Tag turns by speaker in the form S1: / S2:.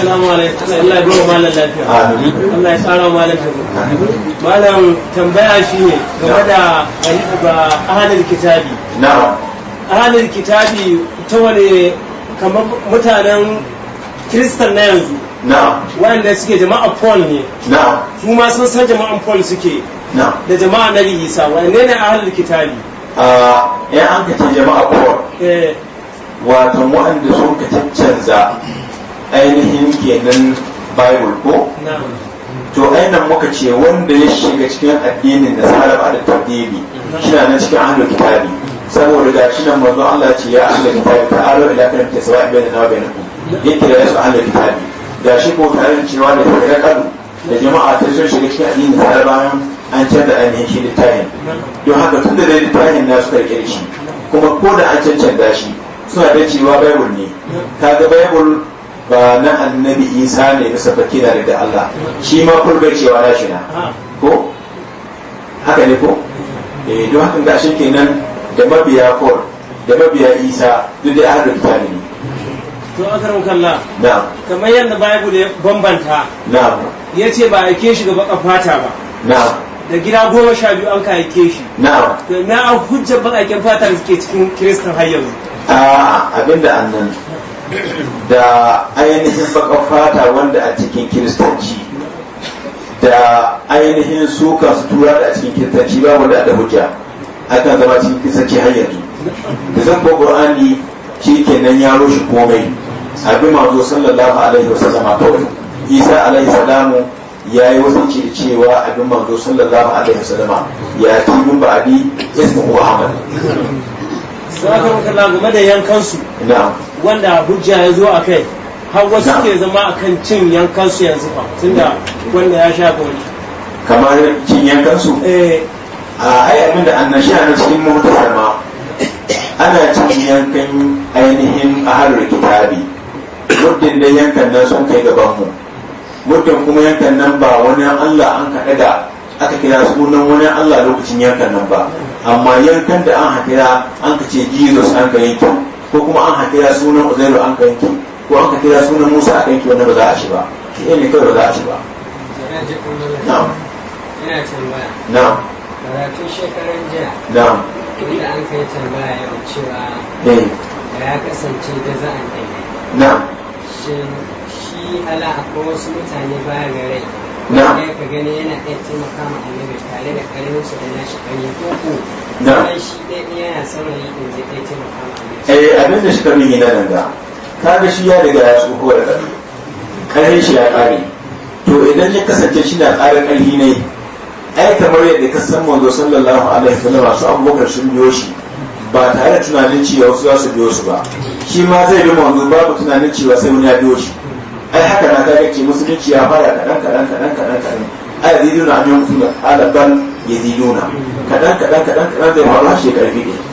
S1: Assalamu alaikum. Allah ya dora malam lafiya. Allah ya tsara malam lafiya. Malam tambaya shine game da ba ahalin kitabi. Na'am. Ahalin kitabi ta wane kamar mutanen Kiristan na yanzu. Na'am. suke jama'a Paul ne. Na'am. Su ma sun san jama'an Paul suke. Na'am. Da jama'a Nabi Isa. Wanne ne ahalin kitabi? Ah, an jama'a Paul. Eh. sun ka cancanza ainihin kenan bible ko to ainihin muka ce wanda ya shiga cikin addinin da tsara ba da tabbibi shi na cikin ahlul kitabi saboda ga shi nan manzo Allah ce ya ahlul kitabi ta'alu ila kan kalim tasawa bayna na bayna yake da su ahlul kitabi ga shi ko tare cewa da daga kadu da jama'a ta zo shiga cikin addinin da tsara bayan an canza ainihin shi littafin don haka tun da littafin na suka rike shi kuma ko da an cancanta shi suna da cewa bible ne kaga bible ba na annabi isa ne bisa fake da daga Allah shi ma kurbe cewa na shi na ko haka ne ko eh don haka ga shi kenan da mabiya kor da mabiya isa duk da ahlul kitabi ne to akaram kallah na'am kamar yanda bible ya bambanta na'am yace ba aike shi gaba kafata ba na'am da gida goma sha biyu an kayake shi na'am na an hujjar baƙaƙen fata da suke cikin kiristan har yanzu a ah, abinda annabi da ainihin baƙar fata wanda a cikin kiristanci da ainihin suka su tura da a cikin kiristanci babu da da hujja akan zama cikin kiristanci har yanzu da zan ko qur'ani shi kenan ya roshi komai abin mazo sallallahu alaihi wasallam kawai isa alaihi salamu ya yi wasu cewa abin manzo sallallahu alaihi wasallama ya ci mun ba abi ismu muhammad sallallahu alaihi wasallam game da yankansu na'am wanda hujja ya zo a kai har wasu ke zama a kan cin yankansu yanzu fa da wanda ya sha wani kamar cin yankansu eh. a ayyamin da annan sha na cikin mutar ma ana cin yankan ainihin a harar kitabi muddin da yankan nan sun kai gaban mu muddin kuma yankan nan ba wani allah an kaɗa da aka kira sunan wani allah lokacin yankan nan ba amma yankan da an haɗira an ka ce jesus an ka yankin ko kuma an haka sunan uzairu an ka yanki ko an haka ya sunan musa a yanki wanda ba za a shi ba shi ne kawai ba za a shi ba na'am na'am karatun shekaran jiya na'am inda an kai tambaya yau cewa da eh. ya kasance da za a kai na'am shi ala akwai wasu mutane baya ga rai na ka gani yana ɗaya taimaka ma annabi tare da karin su da nashi ƙarfi ko ko eh abin da shi karni na danga kaga shi ya riga ya tsoho da ƙarfi ƙarfin shi ya ƙare to idan ya kasance shi na ƙarin ƙarfi ne ai kamar yadda ka san manzo sallallahu alaihi wasallam su abubakar sun biyo shi ba tare da tunanin cewa wasu za su biyo su ba shi ma zai bi manzo babu tunanin cewa sai wani ya biyo shi ai haka na kaga ke musulunci ya fara kaɗan kaɗan kaɗan kaɗan kaɗan ai zai nuna amin kuma alaban yaziduna kadan kadan kadan kaɗan zai fara shi karfi ne